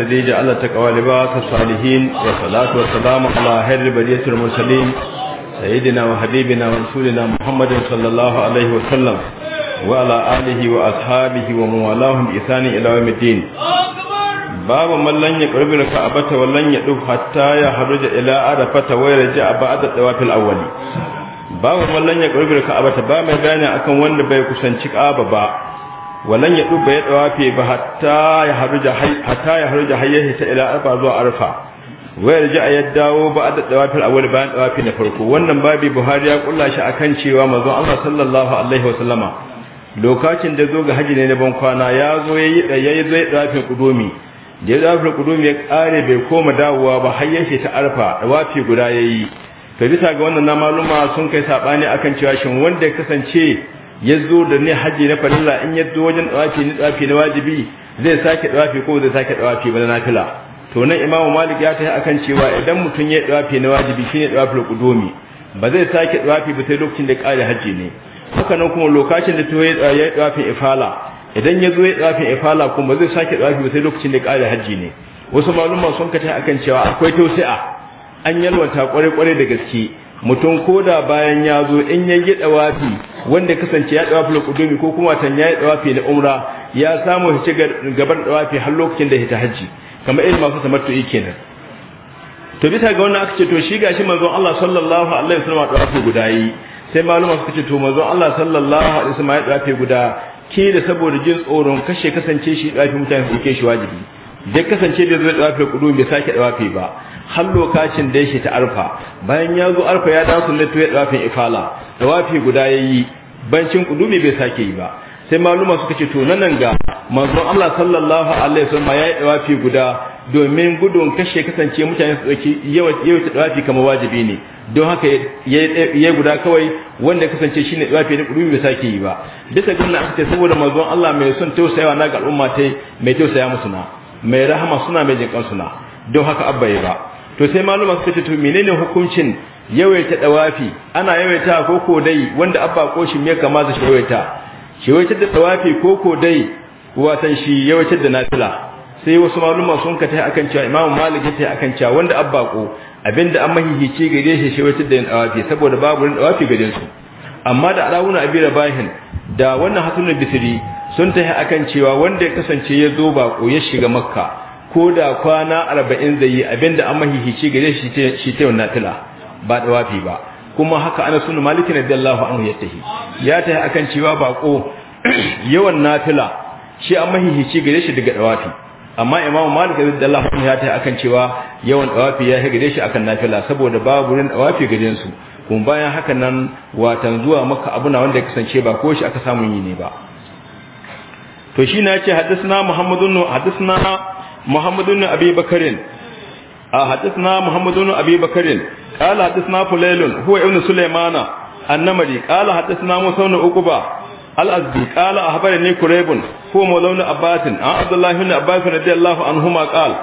da dai ji Allah ta kawali ba ka salihin wa salatu wa salamu ala harri bariyatul mursalin sayyidina wa babu mallan ya karbi raka abata wallan ya duf hatta ya haruja ila arafata babu mallan ya karbi raka ba mai gane akan wanda bai kusanci kaba ba walan ya dubba ya dawafe ba hatta ya haruja hatta ta ila arfa zuwa arfa wayar ji ya dawo ba da dawafin bayan na farko wannan babi buhari ya kulla shi akan cewa manzo Allah sallallahu alaihi wasallama lokacin da zo ga haji ne na ban kwana ya zo yayi yayi zai dawafin kudumi da ya dawafin kudumi ya kare bai koma dawowa ba hayyahi ta arfa dawafi guda yayi to bisa ga wannan na maluma sun kai sabani akan cewa shin wanda ya kasance yazo da ne haji na farilla in yazo wajen dawafi ni dawafi na wajibi zai sake dawafi ko zai sake dawafi ba na nafila to nan imamu malik ya tafi akan cewa idan mutum ya dawafi na wajibi shine dawafin kudomi ba zai sake dawafi ba sai lokacin da kare haji ne haka nan kuma lokacin da to ya dawafin ifala idan yazo ya dawafin ifala kuma zai sake dawafi ba sai lokacin da kare haji ne wasu maluma sun kata akan cewa akwai tausi'a an yalwata kware-kware da gaske mutum ko da bayan ya zo in ya yi dawafi wanda kasance ya dawafi kudumi ko kuma tan ya yi dawafi na umra ya samu hice gaban dawafi har lokacin da hita haji kamar irin masu tamattu'i kenan to bisa ga wannan aka ce to shi gashi manzo Allah sallallahu alaihi wasallam dawafi guda yi sai maluma suka ce to manzo Allah sallallahu alaihi wasallam ya dawafi guda ke da saboda jin tsoron kashe kasance shi dawafi mutane su ke shi wajibi da kasance da zai dawafi kudu bai sake dawafi ba har lokacin da shi ta arfa bayan ya zo arfa ya dawo sunnatu ya dawafin ifala dawafi guda yayi bancin kudu bai sake yi ba sai maluma suka ce to nan ga manzon Allah sallallahu alaihi wasallam ya yi dawafi guda domin gudun kashe kasance mutane su dauki yawa yawa ta kamar wajibi ne don haka ya guda kawai wanda kasance shine dawafi ne kudu bai sake yi ba bisa ga wannan ce saboda manzon Allah mai son tausayawa na ga al'umma tai mai tausaya musu na mai rahama suna mai jikan suna don haka abba yi ba to sai maluma suka ce to menene hukuncin yawaita dawafi ana yawaita ko ko dai wanda abba ko shi me kama da shi yawaita shi yawaita da dawafi ko ko dai watan shi yawaita da nafila sai wasu maluma sun ka tai akan cewa imamu malik ya tai akan cewa wanda abba ko abinda an mahihici gare shi shi yawaita da dawafi saboda babu dawafi gare su amma da alawuna abira bahin da wannan hasanul bisri sun tahi akan cewa wanda ya kasance ya zo bako ya shiga makka ko da kwana arba'in zai yi abinda an mahihici gare shi ta wannan tila ba da wafi ba kuma haka ana sunu malikin radiyallahu anhu ya tahi ya tahi akan cewa bako yawan nafila shi an mahihici gare shi daga dawafi amma imam malik radiyallahu anhu ya tahi akan cewa yawan dawafi ya gare shi akan nafila saboda babu rin dawafi gare su kuma bayan haka nan watan zuwa maka abuna wanda ya kasance ba ko shi aka samu yi ne ba to shi na ce hadisna muhammadun nu hadisna muhammadun nu abi bakarin a hadisna muhammadun nu abi bakarin qala hadisna fulailun huwa ibn sulaymana annamari qala hadisna musa ibn uquba al-azdi qala ahbarani quraybun huwa mawlana abbasin a abdullah ibn abbas radiyallahu anhuma qala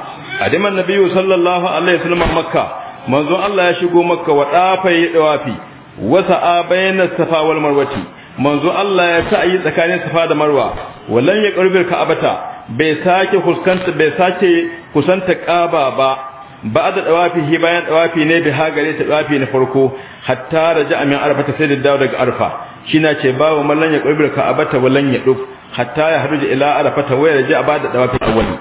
adama an-nabiyyu sallallahu alaihi wasallam makkah manzo allah ya shigo makkah wa dafa yi dawafi wa sa'a bayna safa wal marwati manzo Allah ya ta yi tsakanin safa da marwa wallan ya karbil ka'abata bai sake kuskanta bai sake kusanta kaba ba ba da dawafi bayan dawafi ne bi hagare ta dawafi na farko hatta raja min arfa sai da dawo daga arfa shina ce babu mallan ya karbil ka'abata wallan ya duf hatta ya haruje ila arfa ta waya raja ba da dawafi awwali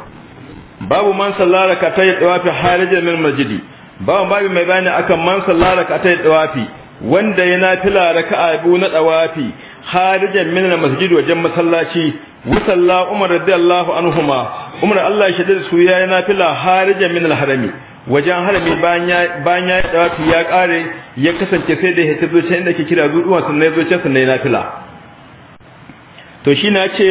babu man sallara ka ta yi dawafi harajan min masjidi babu babu mai bayani akan man sallara ka ta yi dawafi wanda ya nafila raka'a bu na dawafi harijan min masjid wajen masallaci wa salla Umar radiyallahu anhuma Umar Allah ya shaddada su yayi nafila harijan min al-harami wajen harami bayan ya dawafi ya kare ya kasance sai da hita zo can inda ke kira zuwa sannan zo can sannan nafila to shi na ce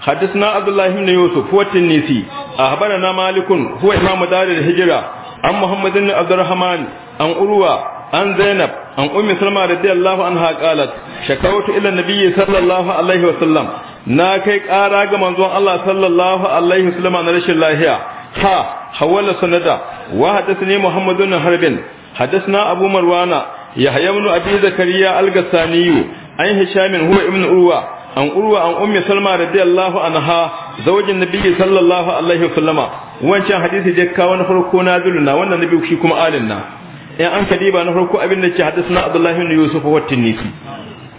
حدثنا عبد الله بن يوسف هو التنيسي أخبرنا مالك هو إمام دار الهجرة an muhammad ibn abdurrahman an urwa an zainab an ummi salma radiyallahu anha qalat shakawtu ila nabiyyi sallallahu alaihi wa sallam na kai kara ga manzon Allah sallallahu alaihi wa sallam na rashin lahiya ha hawala sanada wa hadathani muhammad ibn harbin hadathna abu marwana yahya ibn abi zakariya al-gassani an hisham huwa ibn urwa an urwa an ummi salma radiyallahu anha zawjin nabiyyi sallallahu alaihi wa sallama wancan hadisi da kawo na farko na na wannan nabi shi kuma alin na in an ba na farko abin da ce na abdullahi ibn yusuf wa tinisi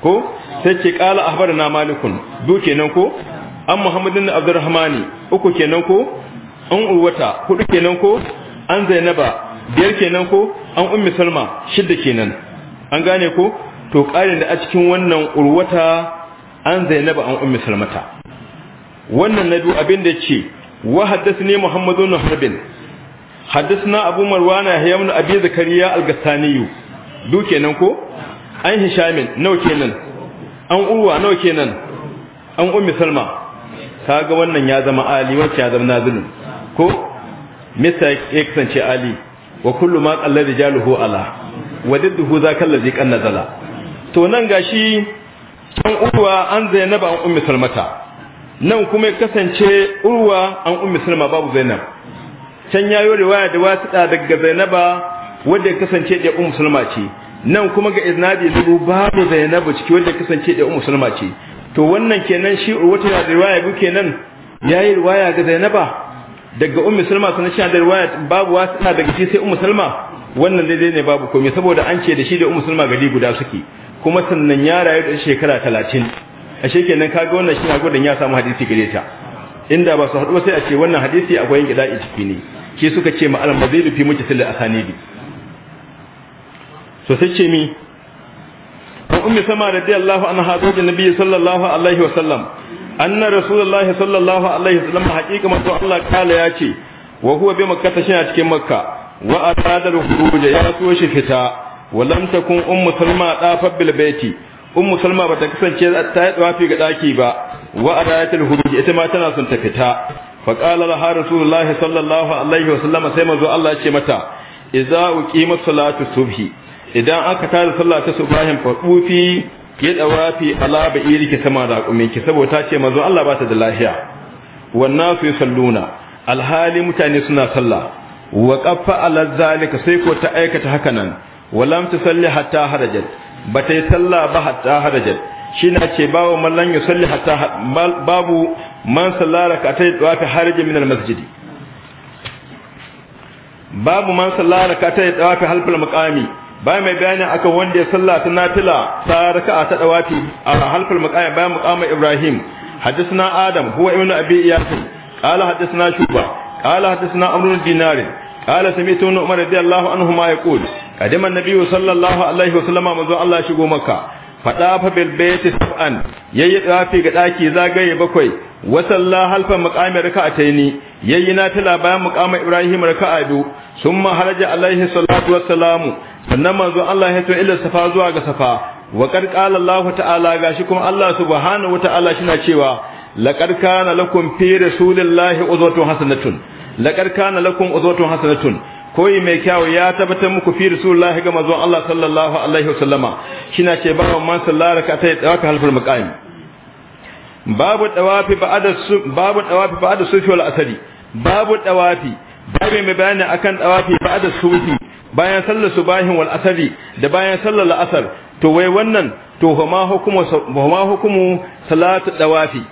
ko sai ce qala ahbarna malikun du kenan ko an muhammadin abdurrahman uku kenan ko an urwata hudu kenan ko an zainaba biyar kenan ko an ummi salma shidda kenan an gane ko to ƙarin da a cikin wannan urwata an zainaba an ummi salmata wannan na abin da ce وحدثني محمد بن حرب حدثنا ابو مروان يحيى بن ابي زكريا الغساني دو كينن كو ان هشام نو كينن ان أروى نو كينن ان ام سلمى kaga wannan ya zama ali wacce ya zama nazilin ko mista ya kasance ali wa kullu ma qalla rijaluhu ala wa didduhu zaka allazi kan nazala to nan gashi an uwa an zainaba an ummi salmata nan kuma ya kasance urwa an ummi salma babu zainab can ya yi riwaya da da daga zainaba wanda ya kasance da ummi salma ce nan kuma ga iznadi zubu babu zainabu ciki wanda ya kasance da ummi salma ce to wannan kenan shi ta da riwaya bu kenan yayi riwaya ga zainaba daga ummi salma sanan shi da riwaya babu da daga shi sai ummi salma wannan daidai ne babu komai saboda an ce da shi da ummi salma gadi guda suke kuma sannan ya rayu da shekara talatin. ashe kenan kaga wannan shi gudun ya samu hadisi gare ta inda ba su haɗu sai a ce wannan hadisi akwai kida'i ciki ne ke suka ce ma'al mazidu fi mutasil asanidi so sai ce mi an ummi sama radiyallahu anha zawjin nabi sallallahu alaihi wa sallam anna rasulullahi sallallahu alaihi wa sallam haqiqa to Allah kala ya ce wa huwa bi makkah shi a cikin makka wa atadaru khuruj ya so shi fita wa lam takun ummu salma dafa bil baiti ummu salma bata kasance ta yi tsawafi ga daki ba wa adayatul huruj ita ma tana son ta fita fa qala laha rasulullahi sallallahu alaihi wasallam sai manzo Allah ya ce mata idza uqimat salatu subhi idan aka tada sallah ta subhin fa qufi ya dawafi ala ba'iriki sama da kuminki saboda ce manzo Allah ba ta da lafiya wannan su salluna alhali mutane suna sallah wa qaffa ala zalika sai ko ta aikata hakanan walam tusalli hatta harajat ba ta yi sallah ba hatta harajar shi na ce babu mallan yi salli hatta babu man sallara ka ta yi tsawafi harajin minar masjidi babu man sallara ka ta yi tsawafi halfar muqami ba mai bayani akan wanda ya salla ta nafila ta a ta wafi a halfar muqami bayan muqama ibrahim حدثنا آدم هو ابن أبي إياس قال حدثنا شوبة قال حدثنا أمر الدينار Umar da ابن عمر رضي الله ya يقول قدم النبي صلى الله عليه وسلم مزو الله شغو مكة فطاف بالبيت سبعا يي طافي ga daki zagaye bakwai wa sallah halfa maqami raka'ataini yayi na nafila bayan maqami Ibrahim raka'a biyu summa haraja alaihi salatu wassalamu sannan manzo Allah ya to ila safa zuwa ga safa wa qad qala Allah ta'ala gashi kuma Allah subhanahu wa ta'ala shina cewa laqad kana lakum fi rasulillahi uzwatun hasanatun laqad kana lakum uzwatun hasanatun koyi mai kyau ya tabbatar muku fi rasulullah ga mazo Allah sallallahu alaihi wasallama shina ce ba man sallara ka tai dawaka halful maqam babu dawafi ba'da babu dawafi ba'da sufi wal asadi babu dawafi babu mai bayani akan dawafi ba'da sufi bayan sallar subahin wal asadi da bayan sallar asar to wai wannan to ma hukumu ma hukumu salatu dawafi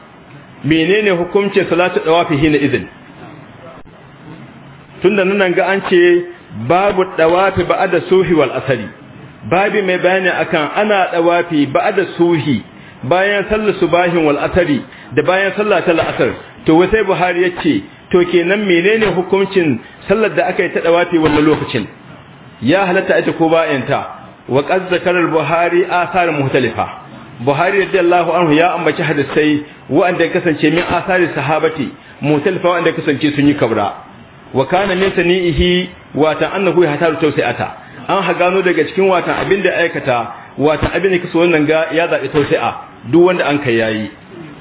menene hukumce salatu dawafi hina idin tunda nan ga an ce babu dawafi ba'da suhi wal asari babi mai bayani akan ana dawafi ba'da suhi bayan sallar subahin wal asari da bayan sallar ta asar to wai sai buhari yace to kenan menene hukuncin sallar da aka yi ta dawafi wannan lokacin ya halatta ita ko bayan ta wa qad zakara al buhari asar muhtalifa buhari radiyallahu anhu ya ambaci hadisai wa'anda kasance min asari sahabati muhtalifa wa'anda kasance sun yi kabra wa kana min sani'ihi watan annahu yahtaru tawsi'ata an ha gano daga cikin watan abin da aikata watan abin da kaso wannan ga ya zabi tawsi'a duk wanda an kai yayi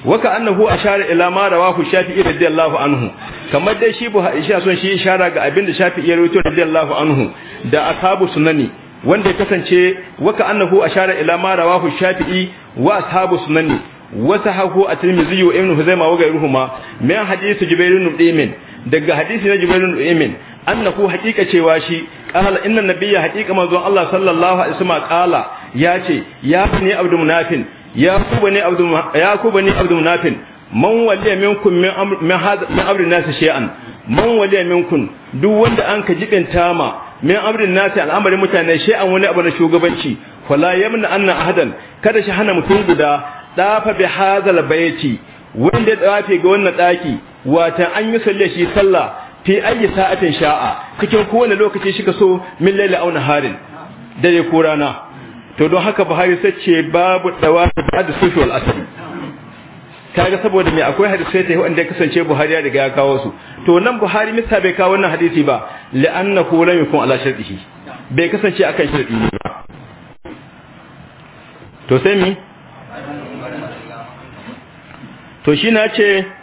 waka annahu ashara ila ma rawahu shafi'i radiyallahu anhu kamar dai shi haisha son shi ishara ga abin da shafi'i ya rawaito radiyallahu anhu da ashabu sunani wanda ya kasance waka annahu ashara ila ma rawahu shafi'i wa ashabu sunani wa sahahu at-tirmidhi wa ibn huzaima wa ghayruhuma min hadith jubair ibn daga hadisi na Jibril bin Uyamin ku haqiqa cewa shi qala inna nabiyya haqiqa manzon Allah sallallahu alaihi wasallam qala ya ce ya ne abdu munafin ya ku ne abdu ya abdu munafin man waliya minkum min amr min hada nasi shay'an man waliya minkum duk wanda an ka jibinta ma min abdu nasi al'amarin mutane shay'an wani abu na shugabanci fala yamna anna ahadan kada shi hana mutum guda dafa bi hadal bayti wanda ya dafe ga wannan daki wata an yi salle shi sallah fi ayi sa'atin sha'a cikin kowane lokaci shi ka so min laila auna harin dare ko rana to don haka buhari sace babu dawa da sufi wal asri kaga saboda me akwai sai ta wanda ya kasance buhari ya riga ya kawo su to nan buhari mista bai kawo wannan hadisi ba la'annahu lam yakun ala shartihi bai kasance akan sharti ne ba to sai mi to shi na ce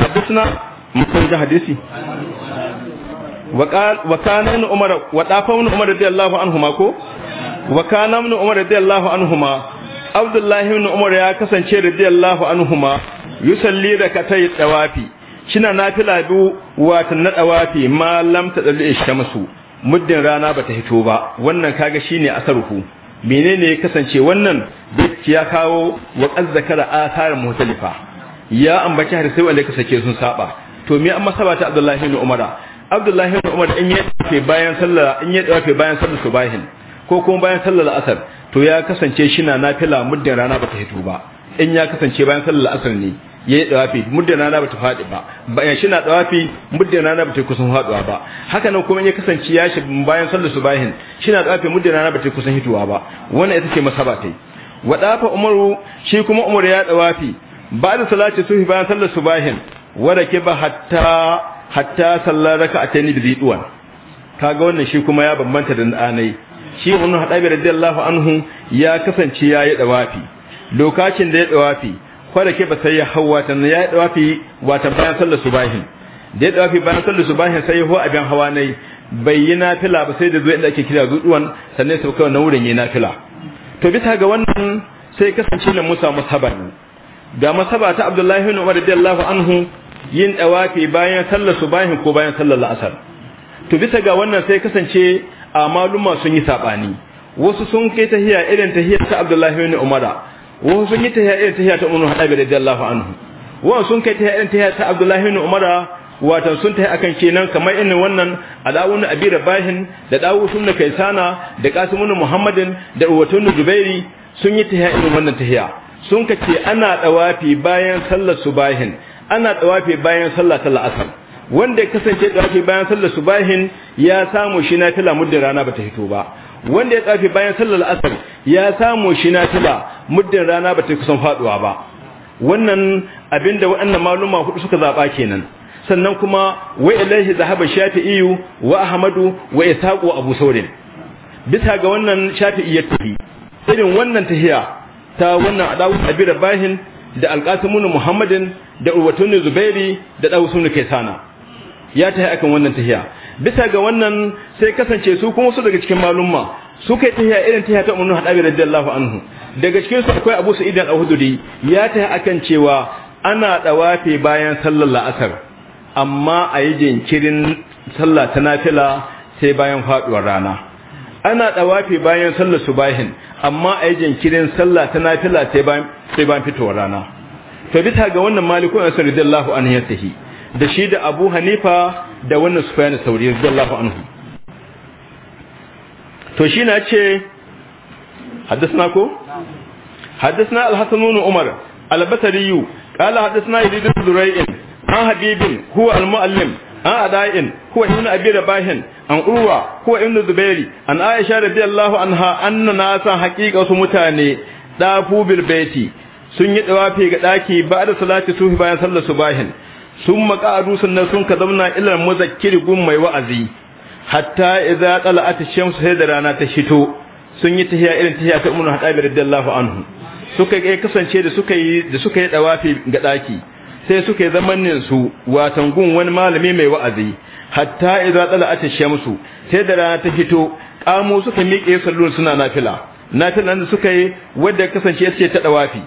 حدثنا مكوجة حديثي وقال وكان ابن عمر وطاف ابن عمر رضي الله عنهما كو وكان ابن عمر رضي الله عنهما عبد الله بن عمر يا كسانشي رضي الله عنهما يصلي ركعتي ka شنا tsawafi shina nafila biyu ما لم تدل الشمس مد رانا بتهتو با wannan kaga shine asaruhu menene ya kasance wannan duk ya kawo wa qazzakara athar mutalifa ya ambaci sai wanda ka sake sun saba to me an masaba ta Abdullahi ibn Umar Abdullahi ibn Umar in ya tafi bayan sallah in ya tafi bayan sallah subahin ko kuma bayan sallar asar to ya kasance shi na nafila muddin rana bata hito ba in ya kasance bayan sallar asar ne yayi dawafi muddin rana bata fadi ba bayan shi na dawafi muddin rana bata kusan haduwa ba haka nan kuma in ya kasance ya shi bayan sallar subahin shi na dawafi muddin rana bata kusan hituwa ba wannan ita ce masabatai wadafa umaru shi kuma Umaru ya dawafi بعد da salati بعد صلاة sallar وركب حتى حتى صلى ركعتين hatta sallar a kaga wannan shi kuma ya bambanta da anai shi ibn hadabi radiyallahu anhu ya kasance ya yi dawafi lokacin da ya dawafi kwarake ba sai ya hawa tan ya dawafi wata bayan sallar subahin da ya dawafi bayan sallar subahin sai ya ho abin hawa nai bai yi nafila ba sai da zuwa inda ake kira zuwan sannan sai kawai na wurin yi nafila to bisa ga wannan sai kasance musa musabani ga masaba ta Abdullahi bin Umar radiyallahu anhu yin dawafi bayan sallar subahi ko bayan sallar la'asar to bisa ga wannan sai kasance a maluma sun yi sabani wasu sun kai tahiyya irin tahiyyar ta Abdullahi bin Umar wasu sun yi tahiyya irin tahiyyar ta Ibn Hadabi radiyallahu anhu wasu sun kai tahiyya irin tahiyyar ta Abdullahi bin Umar watan sun tahi akan kenan kamar irin wannan alawun abi bahin da dawu sunna kaisana da qasimun muhammadin da uwatun Dubairi sun yi tahiyya irin wannan tahiyya sun ka ce ana ɗawafi bayan sallar subahin ana ɗawafi bayan sallar ta la'asar wanda ya kasance ɗawafi bayan sallar subahin ya samu shi na fila muddin rana bata fito ba wanda ya ɗawafi bayan sallar la'asar ya samu shi na fila muddin rana bata kusan faɗuwa ba wannan abinda waɗannan maluma hudu suka zaɓa kenan sannan kuma wa ilaihi zahaba iyu wa ahmadu wa ishaq abu saurin bisa ga wannan shafi'i ya tafi irin wannan tahiya ta wannan adawus abira bahin da alqasimun muhammadin da urwatun zubairi da ke Sana ya tahi akan wannan tahiya bisa ga wannan sai kasance su kuma su daga cikin malumma su kai tahiya irin tahiya ta da hadabi radiyallahu anhu daga cikin su akwai abu sa'id al huduri ya tahi akan cewa ana ɗawafe bayan sallar la'asar amma a yi jinkirin sallah ta nafila sai bayan faɗuwar rana ana ɗawafe bayan sallar subahin amma a yi jinkirin sallah ta nafila sai ban fitowa rana to bita ga wannan malikun yasa radiyallahu anhu ya sahi da shi da abu hanifa da wannan sufayan sauri radiyallahu anhu to shi na ce haddasna ko haddasna alhassanun umar albasariyu kala haddasna idris zura'in an habibin huwa almu'allim an adain huwa ibn abi rabahin an urwa ko ibn zubairi an aisha radiyallahu anha anna san haqiqa su mutane dafu bil baiti sun yi dawafi ga ɗaki, ba da salati suhi bayan sallar su subahin sun maqadu sunna sun ka zamna ilal muzakkiri gun mai wa'azi hatta idza tala'at ash-shams sai da rana ta shito sun yi tahiya irin tahiya ta ummu hadabi radiyallahu anhu suka kai kasance da suka yi da suka yi dawafi ga ɗaki, sai suka yi zamanin su watan gun wani malami mai wa'azi hatta idza tala'at ash-shamsu sai da rana ta fito kamo suka miƙe sallon suna nafila nafilan da suka yi wadda kasance yace ta dawafi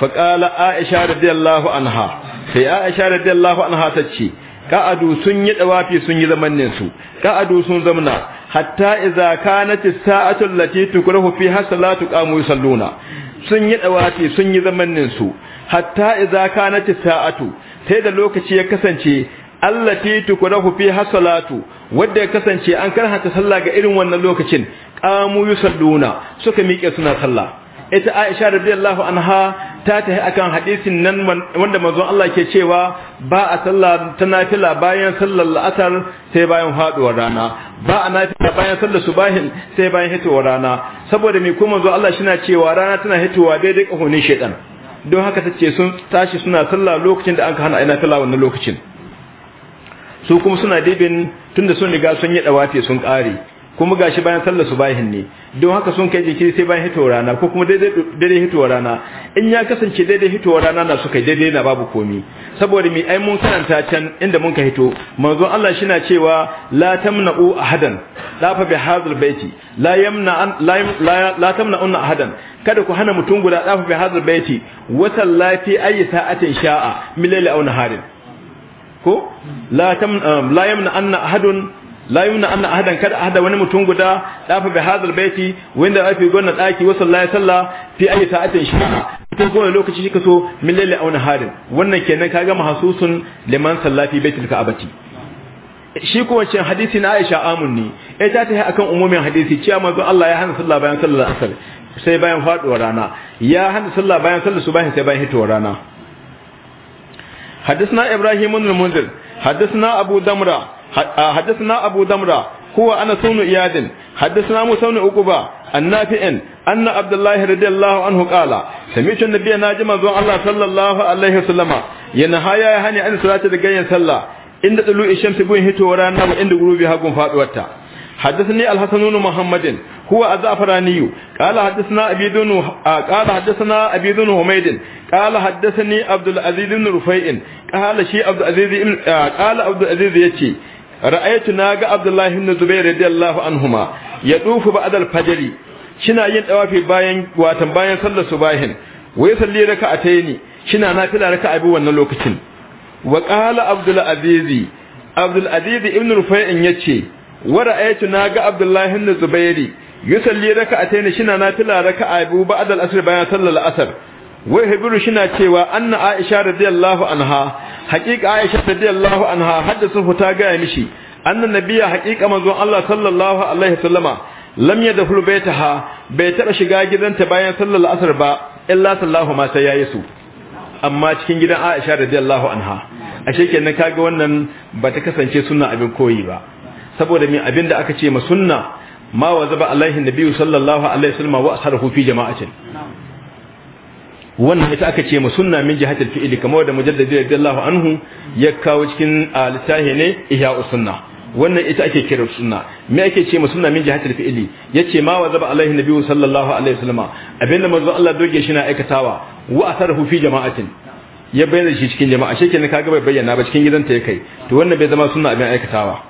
fa qala aisha radiyallahu anha sai aisha radiyallahu anha ce qa'adu sun yi dawafi sun yi zamannin su qa'adu sun zamna hatta idza kanat as-sa'atu allati tukrahu fiha salatu qamu yusalluna sun yi dawafi sun yi zamannin su hatta idza kanat as-sa'atu sai da lokaci ya kasance allati tukrahu fi hasalatu wanda ya kasance an karhata sallah ga irin wannan lokacin qamu yusalluna suka miƙe suna sallah ita Aisha radiyallahu anha ta tahi akan hadisin nan wanda manzon Allah ke cewa ba a sallah ta nafila bayan sallar la'asar sai bayan faduwar rana ba a nafila bayan sallar subahin sai bayan hitowar rana saboda me kuma manzon Allah Sina cewa rana tana hitowa daidai kahonin shedan don haka tace sun tashi suna sallah lokacin da an ka hana ina nafila wannan lokacin su kuma suna dibin tunda sun riga sun yi dawafi sun kare kuma gashi bayan sallar su subahin ne don haka sun kai jiki sai bayan hitowar rana ko kuma daidai daidai hitowar rana in ya kasance daidai hitowar rana na suka daidai na babu komi saboda mi ai mun karanta can inda mun ka hito manzo Allah shi na cewa la tamna'u ahadan la fa hadhal baiti la yamna an la la tamna'u ahadan kada ku hana mutum guda dafa hadhal baiti wata lati ayi sa'atin sha'a milal aw naharin ko la um, la yamna anna ahadun la yamna anna ahadan kada ahada wani mutum guda dafa bi hadal baiti wanda afi gonna daki wa sallallahu wasallam fi ayi sa'atin shi cikin kowane lokaci shi kaso min lalle aw hadin wannan kenan kaga mahsusun liman sallati baitil ka'abati shi kuma cin hadisi na Aisha amun eh ta ta akan umumin hadisi cewa manzo Allah ya hana sallah bayan sallar asar sai bayan faduwar rana ya hana sallah bayan sallar subahin sai bayan hitowar rana حدثنا ابراهيم بن المنذر حدثنا ابو دمرة حدثنا ابو دمرة هو انا سون إياد حدثنا موسى بن عقبة النافع ان عبد الله رضي الله عنه قال سمعت النبي ناجم زون الله صلى الله عليه وسلم ينهى يا يهني ان صلاه دغين صلاه ان دلو الشمس بو هيتو ورانا وإن غروبها قوم فاطوة حدثني الحسن بن محمد هو الزعفراني قال حدثنا ابي دون قال حدثنا ابي دون حميد قال حدثني عبد العزيز بن رفيع قال شي عبد العزيز قال عبد العزيز يتي رأيت ناغا عبد الله بن زبير رضي الله عنهما يطوف بعد الفجر شنا yin dawafi bayan watan bayan sallar subahin wai salli raka'ataini shina nafila raka'a bi wannan lokacin wa qala abdul aziz abdul aziz ibn rufai'in yace wa na ga abdullahi ibn zubairi yusalli raka'atayn shina nafila raka'a bu ba'da al-asr bayan sallar al-asr wa hibiru shina cewa anna aisha radiyallahu anha haqiqa aisha radiyallahu anha hadathu ta ga mishi anna nabiyya haqiqa manzon Allah sallallahu alaihi wasallama lam yadkhul baytaha bai taba shiga gidanta bayan sallar al-asr ba illa sallahu ma sai su amma cikin gidan Aisha radiyallahu anha ashe kenan kaga wannan bata kasance sunna abin koyi ba saboda abin abinda aka ce ma sunna ma wa zaba alaihi nabi sallallahu alaihi wasallam wa asharu fi jama'atin wannan ita aka ce ma sunna min jihatil fi'li kamar da mujaddid radiyallahu anhu ya kawo cikin al-sahi ne ihya sunna wannan ita ake kira sunna me ake ce ma sunna min jihatil fi'li yace ma wa zaba alaihi nabi sallallahu alaihi wasallam abinda manzo Allah doge shi na aikatawa wa asharu fi jama'atin ya bayyana shi cikin jama'a shi kenan kaga bai bayyana ba cikin gidanta ya kai to wannan bai zama sunna abin aikatawa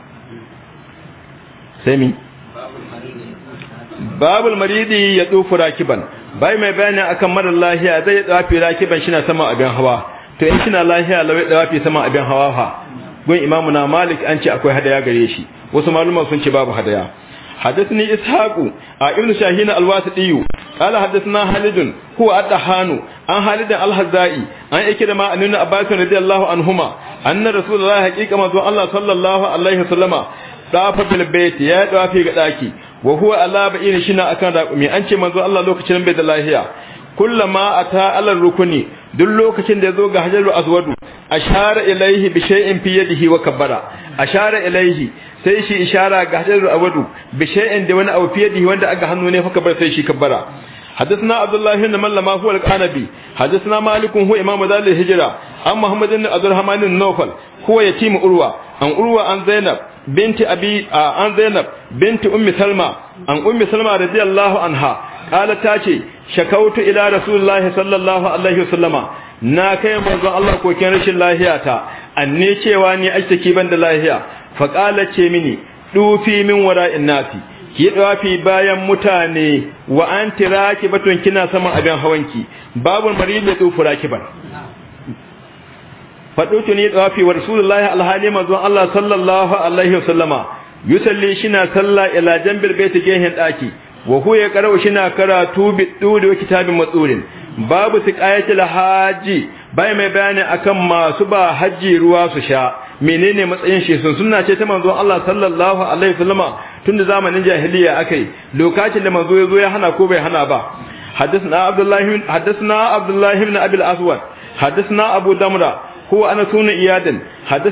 sami babul maridi ya tsufi rakiban bai mai bayani akan marar lahiya zai ya tsafi rakiban shi na saman abin hawa to yin shi na lahiya lawai tsafi saman abin hawa ha gun imamu na malik an ce akwai hadaya gare shi wasu malumar sun ci babu hadaya hadisni ishaqu a ibnu shahina alwasidiyu qala hadathna halidun ko adda hanu an halidun alhazai an yake da ma'anin abbas radiyallahu anhuma anna rasulullahi hakika mazu allah sallallahu alaihi wasallama dafa bil bait ya dafi ga daki wa huwa ala ba'in shina akan raqumi an ce manzo Allah lokacin bai da lahiya kullama ata ala rukuni duk lokacin da yazo ga hajaru azwadu ashara ilaihi bi shay'in fi yadihi wa kabbara ashara ilaihi sai shi ishara ga hajarul azwadu bi shay'in da wani abu fi yadihi wanda aka hannu ne fa kabbara sai shi kabbara حدثنا عبد الله بن ملما هو القانبي حدثنا مالك هو امام دار الهجره عن محمد بن عبد الرحمن النوفل هو يتيم اروى عن اروى عن زينب بنت ابي عن زينب بنت ام سلمى عن ام سلمى رضي الله عنها قالت تاتي شكوت الى رسول الله صلى الله عليه وسلم na kai manzon Allah kokin rashin lahiya ta anne cewa ni ashtaki ban da lahiya fa qala ce mini dufi min wara'in nafi ki dafi bayan mutane wa anti rakibatun kina saman abin hawanki babul marid ya tsufu rakiban fadutu ni dafi wa rasulullahi alhali manzon Allah sallallahu alaihi wasallama yusalli shina salla ila jambil baiti gehen daki wa huwa ya shina karatu bi dudi wa kitabin matsurin babu siqayatil haji bai mai bayani akan masu ba haji ruwa su sha menene matsayin shi sun sunna ce ta manzo Allah sallallahu alaihi wasallama tunda zamanin jahiliya akai lokacin da manzo ya zo ya hana ko bai hana ba حدثنا عبد الله حدثنا عبد الله بن ابي Abu damra ابو ana هو iyadin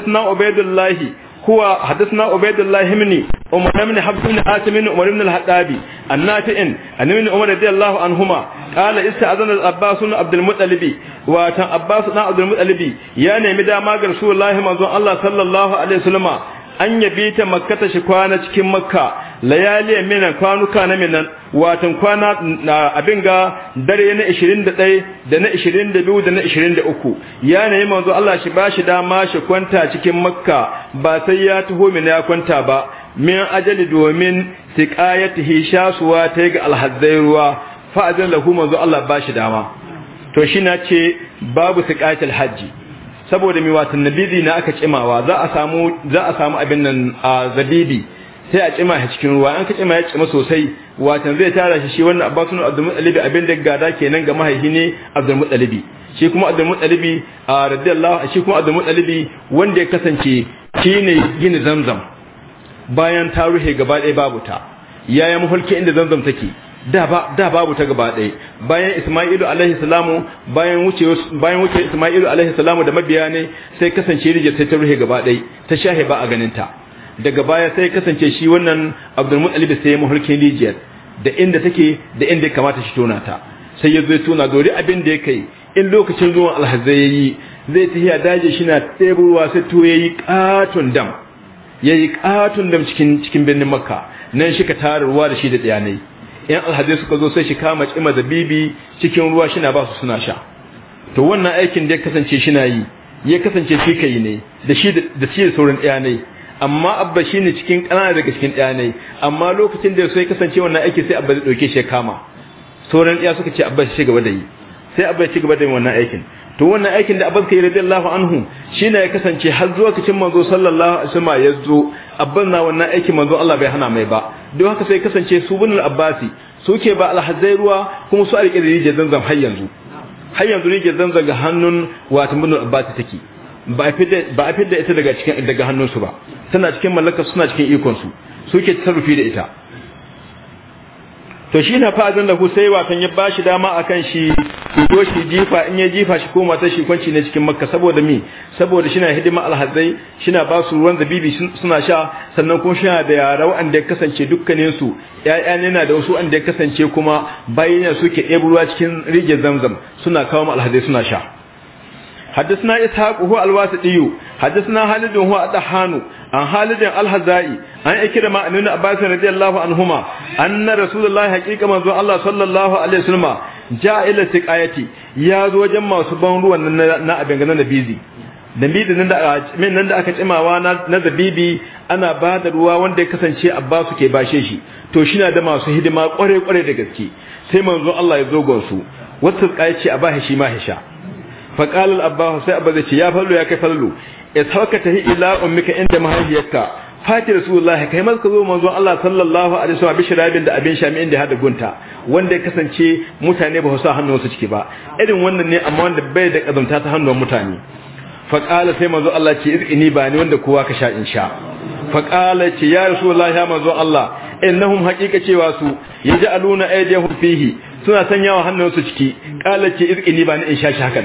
سون اياد هو حدثنا عبيد الله بن عمر بن حفص بن عاصم بن عمر بن الحطابي النافع عن ابن عمر رضي الله عنهما قال استأذن العباس بن عبد المطلب وكان عباس بن عبد المطلب يا نمي دama ga Rasulullahi manzon Allah sallallahu alaihi wasallama an yabi ta makkata shi kwana cikin makka layaliya minan kwanuka na minan watan kwana abin ga dare na 21 da na 22 da na 23 ya ne manzo Allah shi bashi dama shi kwanta cikin makka ba sai ya taho mina ya kwanta ba min ajali domin siqayatihi shasuwa ta ga alhazzai ruwa fa ajalla manzo Allah bashi dama to shi na ce babu siqayatul hajji saboda mai watan nabidi na aka cimawa za a samu za a samu abin nan a zabibi sai a cima shi cikin ruwa an ka cima ya cima sosai watan zai tara shi shi wannan abbasun abdulmuttalibi abin da gada kenan ga mahaifi ne mutalibi shi kuma abdul a radiyallahu shi kuma mutalibi wanda ya kasance shine gini zamzam bayan ta ruhe gaba ɗaya babu ta yaya mahulki inda zamzam take da babu ta gaba ɗaya bayan isma'ilu alaihi salamu bayan wuce bayan wuce isma'ilu alaihi salamu da mabiya ne sai kasance rijiyar sai ta ruhe gaba ɗaya ta shahe ba a ganin ta daga baya sai kasance shi wannan abdul mutalib sai ya mahulkin rijiyar da inda take da inda ya kamata shi tona ta sai ya zo ya tona dori abin da ya kai in lokacin zuwan ya yayi zai a daji shi na tsebuwa sai to yayi katon dam yayi katon dam cikin cikin birnin makka nan shi ka ruwa da shi da tsayanai yan alhaji suka zo sai shi kama kima da bibi cikin ruwa shina ba su suna sha to wannan aikin da ya kasance shina yi ya kasance shi kai ne da shi da shi da sauran ɗaya ne amma abba shine cikin ƙanana daga cikin ɗaya ne amma lokacin da so ya kasance wannan aiki sai abba zai ɗauke shi ya kama sauran ɗaya suka ce abba shi gaba da yi sai abba ya ci gaba da yin wannan aikin to wannan aikin da abban kai radiyallahu anhu shine ya kasance har zuwa kacin manzo sallallahu alaihi wasallam ya zo abban na wannan aikin manzo Allah bai hana mai ba don haka sai kasance su al abbasi suke ba alhazai ruwa kuma su alƙi da rijiyar zanzan har yanzu har yanzu rijiyar zanzan ga hannun bin al abbasi take ba a fidda ita daga cikin daga hannunsu ba tana cikin mallaka suna cikin ikonsu suke tasarrufi da ita to shi na fa'azin da ku sai kan ya bashi dama akan shi ku zo shi jifa in ya jifa shi koma sai shi kwanci ne cikin makka saboda mi saboda shi na hidima alhazai shi na ba su ruwan zabibi suna sha sannan kuma shi na da yara wanda ya kasance dukkanin su ƴaƴa ne na da wasu wanda ya kasance kuma bayan bayyana suke ɗebo ruwa cikin rige zamzam suna kawo alhazai suna sha حدثنا إسحاق هو الواسطي حدثنا خالد هو الدحان عن خالد الحذائي عن إكرم أن ابن عباس رضي الله عنهما أن رسول الله حقيقة من الله صلى الله عليه وسلم ja'ila tiqayati ya zo wajen masu ban ruwan nan na abin ganin da da bi nan da min nan da aka cimawa na zabibi ana ba da ruwa wanda ya kasance abbasu ke bashe shi to shi na da masu hidima kware kware da gaske sai manzo Allah ya zo gon su wata ce a bashi shi ma hisha fa qala al abbasu sai abba zai ce ya fallo ya kai fallo ishaka ta ila ummika inda mahaifiyarka fati rasulullahi kai maza ka zo manzon Allah sallallahu alaihi wasallam bin da abin shami inda hada gunta wanda ya kasance mutane ba su hannu su ciki ba irin wannan ne amma wanda bai da kazanta ta hannun mutane Fa qala sai manzon Allah ce izini ba ni wanda kowa ka sha in sha qala ce ya rasulullahi ya manzo Allah innahum haqiqa cewa su yaj'aluna aydihum fihi suna sanyawa su ciki qala ce izini ba ni in sha shi haka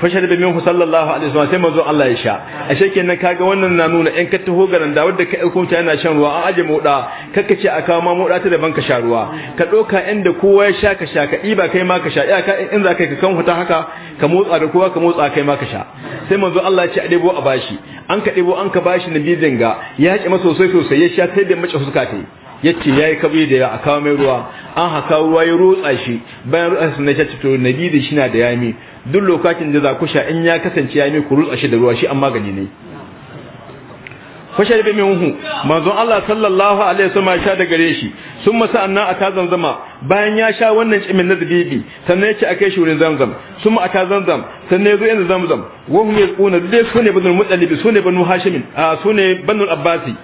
fashar da minhu sallallahu alaihi wasallam sai manzo Allah ya sha ashe kenan kaga wannan na nuna in ka taho garan da wanda ka aiko ta yana shan ruwa an aje moda kaka ce aka ma moda ta da ka sha ruwa ka doka inda kowa ya sha ka sha ka ɗiba kai ma ka sha iya ka in za kai ka kan huta haka ka motsa da kowa ka motsa kai ma ka sha sai manzo Allah ya ce a debo a bashi an ka debo an ka bashi nabijin ga ya haƙi masa sosai sosai ya sha sai da mace suka ta yi yace yayi kabi da a kawo mai ruwa an haka ruwa ya rotsa shi bayan rotsa sun ya ta to nabi da shi na da yami duk lokacin da za ku sha in ya kasance ya yi ku rutsa shi da ruwa shi an magani ne fashar bai minhu manzon Allah sallallahu alaihi wasallam ya sha da gare shi sun masa anna ta zanzama bayan ya sha wannan cimin na zabibi sannan ya a akai shi wurin zanzam. sun ma ta zanzam sannan ya zo inda zamzam wa hum yaquna dai ne banu Su ne banu hashimin a ne banu abbasi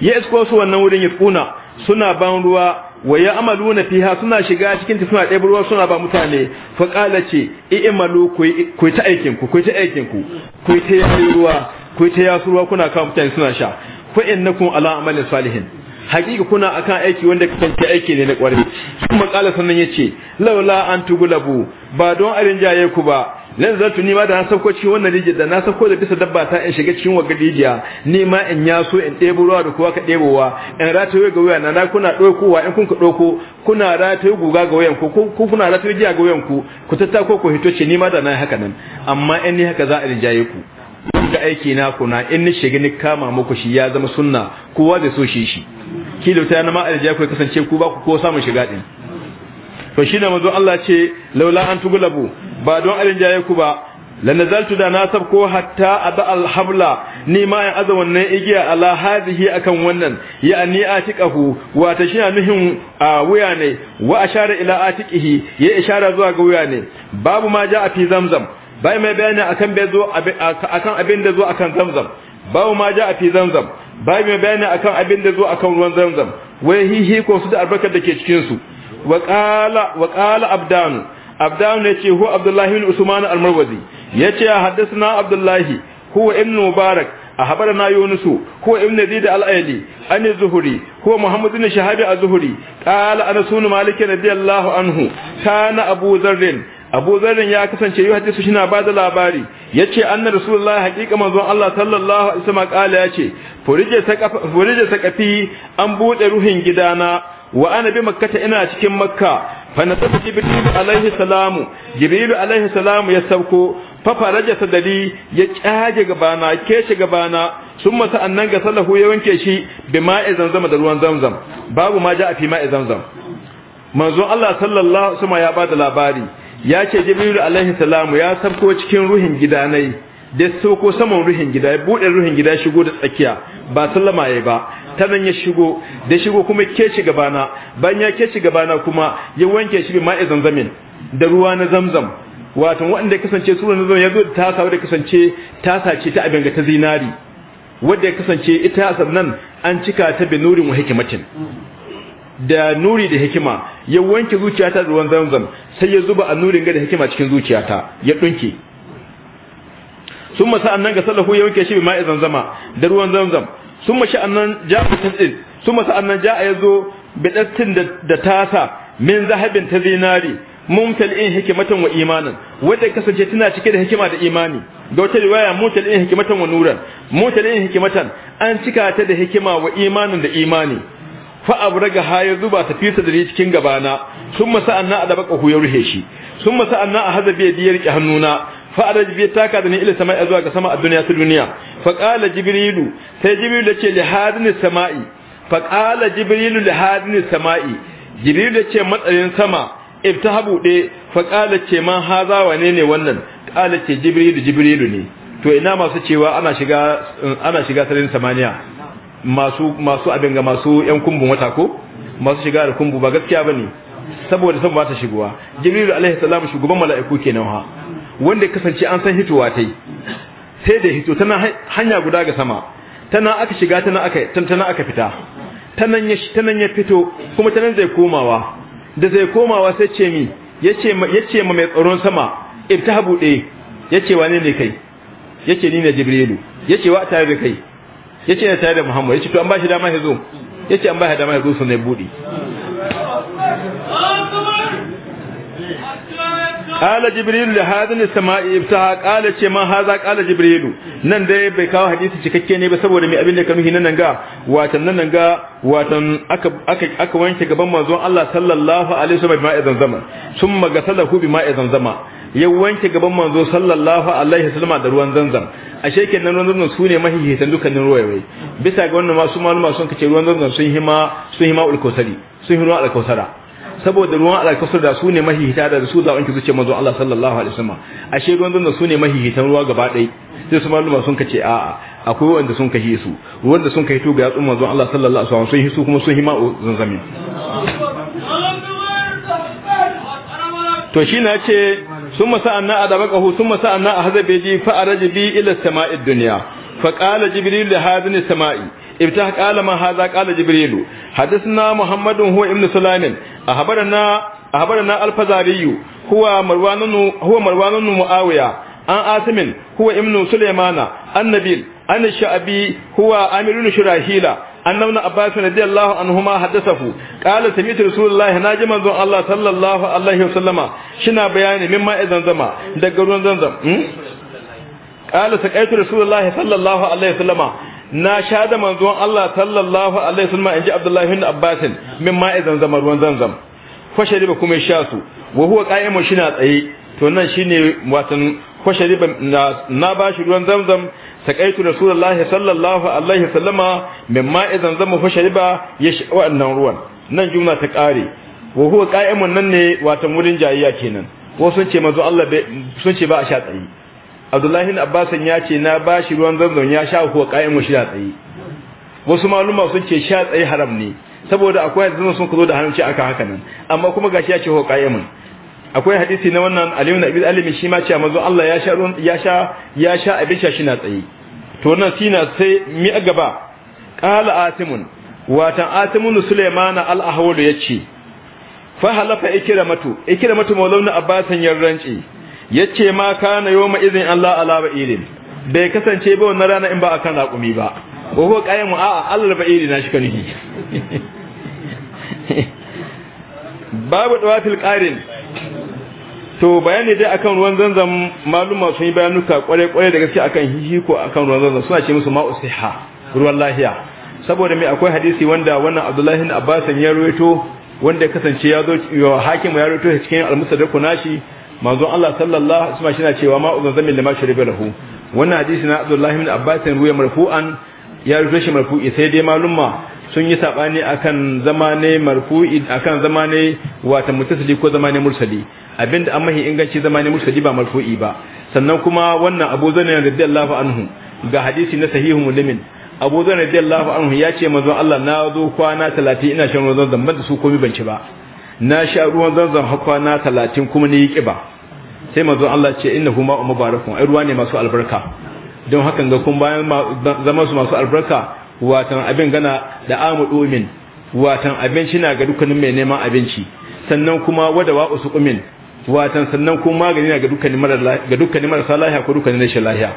ya isko su wannan wurin ya kuna suna ban ruwa wa ya'maluna fiha suna shiga cikin ta suna ɗaya ruwa suna ba mutane fa kala ce i'malu ku ta aikin ku ku ta aikin ku ku ta yi ruwa ku ta yasu ruwa kuna kawo mutane suna sha fa innakum ala amalin salihin hakika kuna akan aiki wanda ta aiki ne na kwarai kuma kala sannan ce laula an tugulabu ba don arinjaye ku ba nan za ni ma da na sauko cikin wannan rijiyar da na sauko da bisa dabba ta in shiga cikin waga rijiya ni ma in yaso in ɗebo ruwa da kowa ka ɗebowa in rataye ga wuya na na kuna ɗaukowa in kun ka ɗauko kuna rataye guga ga wuyan ku ko kuna rataye giya ga wuyan ku ku tattako ku hito ce ni ma da na haka nan amma in ni haka za a rijaye ku ga aiki na kuna in ni shiga ni kama muku shi ya zama sunna kowa zai so shi shi kilo ta na ma a rijaye ku kasance ku ba ku ko samun shiga din shi ne mazo Allah ce laula an tuglabu ba don arin jaye ku ba la nazaltu da na sabko hatta ada al habla ni ma ya aza wannan igiya ala hadhihi akan wannan ya ni atiqahu wa tashiya shi nuhin wuya ne wa ashara ila atiqihi ya ishara zuwa ga wuya ne babu ma ja fi zamzam bai mai bayani akan bai zo akan abin da zo akan zamzam babu ma ja fi zamzam bai mai bayani akan abin da zo akan ruwan zamzam wai hihi ko su da albarkar da ke cikin su wa qala wa qala abdan abdan yace hu abdullahi bin usman al-marwazi a haddathana abdullahi huwa ibn mubarak أخبرنا يونس هو ابن زيد الأيلي عن الزهري هو محمد بن شهاب الزهري قال أنس بن مالك رضي الله عنه كان أبو ذر Abu Zarrin ya kasance yi hadisu shi na ba da labari ya ce an na Rasulullah haƙiƙa manzon Allah sallallahu Alaihi wasallam kala ya ce furije ta an buɗe ruhin gidana wa ana bi makkata ina cikin makka fa sabu jibril alaihi salamu jibril alaihi salamu ya sauko fa faraja sadali ya kyaje gabana ke shi gabana summa annan ga salahu ya wanke shi bi ma'i zamzam da ruwan zamzam babu ma ja fi ma'i zamzam manzo Allah sallallahu alaihi wasallam ya bada labari ya ce jibril alaihi salamu ya sauko cikin ruhin gidanai da sauko saman ruhin gida ya bude ruhin gida shigo da tsakiya ba sallama yayi ba ta nan ya shigo da shigo kuma ke shi gabana bayan ya ke shi gabana kuma ya wanke shi bi ma'a zamzamin da ruwa na zamzam wato waɗanda ya kasance su na zamzam ya zo da tasa wadda kasance tasa ce ta abin ga ta zinari wadda ya kasance ita sannan an cika ta bi nurin wa hikimatin da nuri da hikima ya wanke zuciyata da ruwan zamzam sai ya zuba a nurin ga da hikima cikin zuciyata ya dunke sun masa annan ga sallahu ya wanke shi bi ma'a zamzama da ruwan zamzam sun mashi annan ja'a tasin sun masa annan ja'a ya zo bidattin da tasa min zahabin ta zinari in hikimatan wa imanan wanda kasance tana cike da hikima da imani ga wata riwaya in hikimatan wa nuran in hikimatan an cika ta da hikima wa imanin da imani fa abraga ha ya zuba ta fisa da cikin gabana sun masa anna a dabaka huyar ruhe shi sun masa anna a hada biyar hannuna fa'ada jibril taka da ni ila sama'i zuwa ga sama a duniya ta duniya fa qala jibril sai ya ce li hadin sama'i fa qala jibril li hadin sama'i ya ce matsayin sama ibtahabu de fa qala ce man haza wane ne wannan qala ce jibril jibril ne to ina masu cewa ana shiga ana shiga sarin samaniya masu masu abin ga masu yan kumbun wata ko masu shiga da kumbu ba gaskiya bane saboda san ba ta shigowa jibril alaihi salam shugaban mala'iku kenan ha wanda ya kasance an san hitowa ta yi sai da hito tana hanya guda ga sama tana aka shiga tana aka tana aka fita tanan ya tanan ya fito kuma tanan zai komawa da zai komawa sai ce mi yace yace ma mai tsaron sama ibtahabu de yace wane ne kai yace ni ne jibrilu yace wa tare da kai yace na tare da muhammad yace to an ba shi dama ya zo yace an ba shi dama ya zo sunai budi qala jibril li hadhihi samai iftaha qala ce ma haza qala jibril nan dai bai kawo hadisi cikakke ne ba saboda mai abin da ka nuhi nan ga watan nan ga watan aka aka aka wanke gaban manzon Allah sallallahu alaihi wasallam bima'in zamzam thumma gasalahu bima'in zamzam ya wanke gaban manzo sallallahu alaihi wasallam da ruwan zamzam ashe nan ruwan zamzam sune mahihitan dukkanin ruwayoyi bisa ga wannan masu malama sun kace ruwan zamzam sun hima sun hima ulkosari sun hima alkosara saboda ruwan alkausar da su ne mahihita da su za wanke zuce manzo Allah sallallahu alaihi wasallam ashe ruwan zanzan su ne mahihitan ruwa gaba ɗaya sai su maluma sun kace a a akwai wanda sun kashe su ruwan da sun kai to ga yatsun manzo Allah sallallahu alaihi wasallam sun hisu kuma sun hima zanzami to shi na ce sun masa anna a dabakahu sun masa anna a hazabe ji fa'araji bi ila sama'i duniya jibril جبريل لهذا sama'i افتح قال ما هذا قال جبريل حدثنا محمد هو ابن سليمان a habarana alfazariyu huwa marwanunu ma'awiya an asimin huwa imnu sulaimana annabil an sha'abi huwa amirun shurahila annabun abbasin radiyallahu anhu ma haddasafu ƙala samitu rasulullahi na ji manzon allah sallallahu alaihi wasallama shina bayani min ma'a zanzama daga ruwan zanzam ƙala sa ƙaitu rasulullahi sallallahu alaihi wasallama na sha da manzon Allah sallallahu alaihi wasallam inji Abdullahi ibn Abbas min ma'i zanzam ruwan zanzam fashari ba kuma sha su wa huwa qa'imun shi na tsaye to nan shine watan fashari ba na ba shi ruwan zanzam sakaitu rasulullahi sallallahu alaihi wasallama min ma'i zanzam fashari ba ya sha wannan ruwan nan jumla ta kare wa huwa qa'imun nan ne watan wurin jayayya kenan ko sun ce manzo Allah sun ce ba a sha tsaye abdullahi abbasan ya ce na bashi ruwan zanzan ya sha kuwa ƙa'in wa da tsaye wasu maluma sun ce sha tsaye haram ne saboda akwai hadisin sun kuzo da haramci aka haka nan amma kuma gashi ya ce ho qa'imun akwai hadisi na wannan aliyu na ibn alimi shi ma ce manzo Allah ya sha ya sha ya sha abin sha shi na tsaye to nan sina sai mi a gaba qala atimun watan atimun sulaiman al-ahwal yace fa halafa ikramatu ikramatu maulana abbasan yarranci yace ma kana yawma idhin Allah ala ba'irin bai kasance ba wannan rana in ba kan raƙumi ba ko ko mu a'a Allah ba'iri na shi kanihi babu dawafil qarin to bayani dai akan ruwan zanzan maluma sun yi bayanuka kware kware da gaske akan hihi ko akan ruwan zanzan suna ce musu ma'u siha ruwan lahiya saboda me akwai hadisi wanda wannan Abdullahi na Abbas ya rawaito wanda kasance ya zo hakimu ya rawaito cikin al-musaddaq nashi manzon Allah sallallahu alaihi wasallam yana cewa ma uzan zamin lima shariba lahu wannan hadisi na Abdullah ibn Abbas ne ruwaya marfu'an ya rufe shi marfu'i sai dai malumma sun yi sabani akan zama marfu'i akan zama wato wata mutasili ko zama mursali abinda an mahi inganci zama mursali ba marfu'i ba sannan kuma wannan Abu Zanin radiyallahu anhu ga hadisi na sahihu muslimin Abu Zanin radiyallahu anhu ya ce manzon Allah na zo kwana 30 ina shan ruwan zamba da su komai ban ci ba na sha ruwan zanzan hakwa na talatin kuma ni yi ƙiba sai mazu Allah ce ina huma mubarakun ai ruwa ne masu albarka don hakan ga kun bayan zaman su masu albarka watan abin gana da amu domin watan abinci na ga dukkanin mai neman abinci sannan kuma wada wa kumin, watan sannan kuma magani na ga dukkanin marasa lahiya ko dukkanin rashin lahiya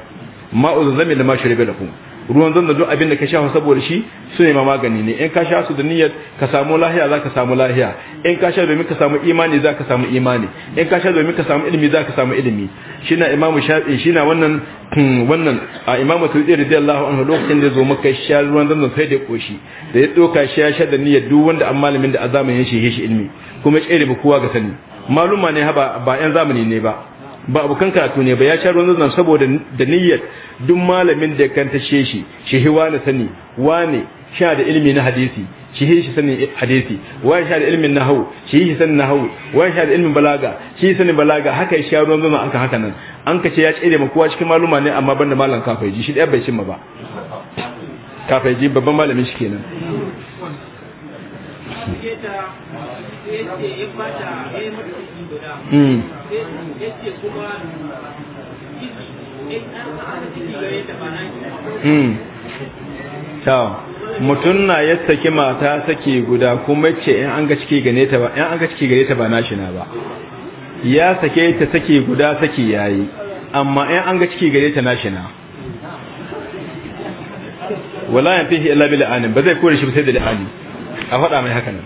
ma'u da ma da kuma ruwan zanzan duk abin da ka shafa saboda shi su ne ma magani ne in ka sha su da niyyar ka samu lahiya za ka samu lahiya in ka sha domin ka samu imani za ka samu imani in ka sha domin ka samu ilimi za ka samu ilimi shi na imamu shafi shi na wannan hmm, wannan a imamu turɗi radiyallahu anhu lokacin da ya zo maka sha ruwan zanzan sai da koshi da ya ɗauka shi ya sha da niyyar duk wanda an malamin da a ya shi ya shi ilimi kuma ya tsere ba kowa ga sani maluma ne ba 'yan zamani ne ba ba abokan karatu ne ba ya sha ruwan zanzam saboda da niyyar duk malamin da kan tashe shi shehi wani sani wani sha da ilimi na hadisi hi shi sani hadisi wani sha da ilimin nahawu shehi shi sani nahawu wani sha da ilimin balaga shi sani balaga haka ya sha ruwan zanzam anka haka nan an ka ce ya tsere ma kowa cikin maluma ne amma banda malam kafaiji shi ɗaya bai cimma ba kafaiji babban malamin shi kenan Eh, hmm. hmm. mutum na ya saki mata sake guda kuma ce in an ga ciki gane ta ba in an ga ciki gare ta ba shi na ba ya sake ta sake guda sake yayi amma in an ga ciki gane ta na shi na wala yan fihi illa bil anin ba zai kore shi ba sai da la'ani a faɗa mai haka nan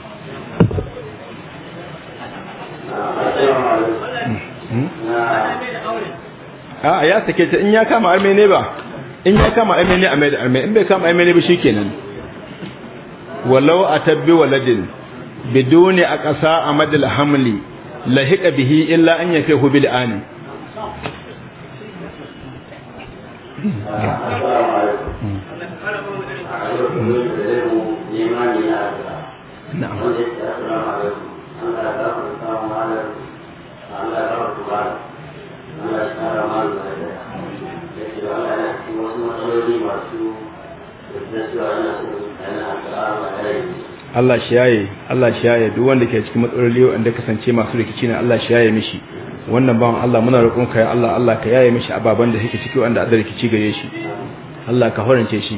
a ya sake ta in ya kama arme ne ba in ya kama arme ne a mai da arme in bai kama arme ne ba shikenan walau atabbi waladin biduni aqsa amadil hamli lahiqa bihi illa an yafihu bil ani na'am Allah shi yaye Allah shi yaye duk wanda ke cikin matsaloli wanda kasance masu rikici ne Allah shi yaye mishi wannan bawan Allah muna roƙon ka ya Allah Allah ka yaye mishi ababan da yake ciki wanda adda rikici gare shi Allah ka horance shi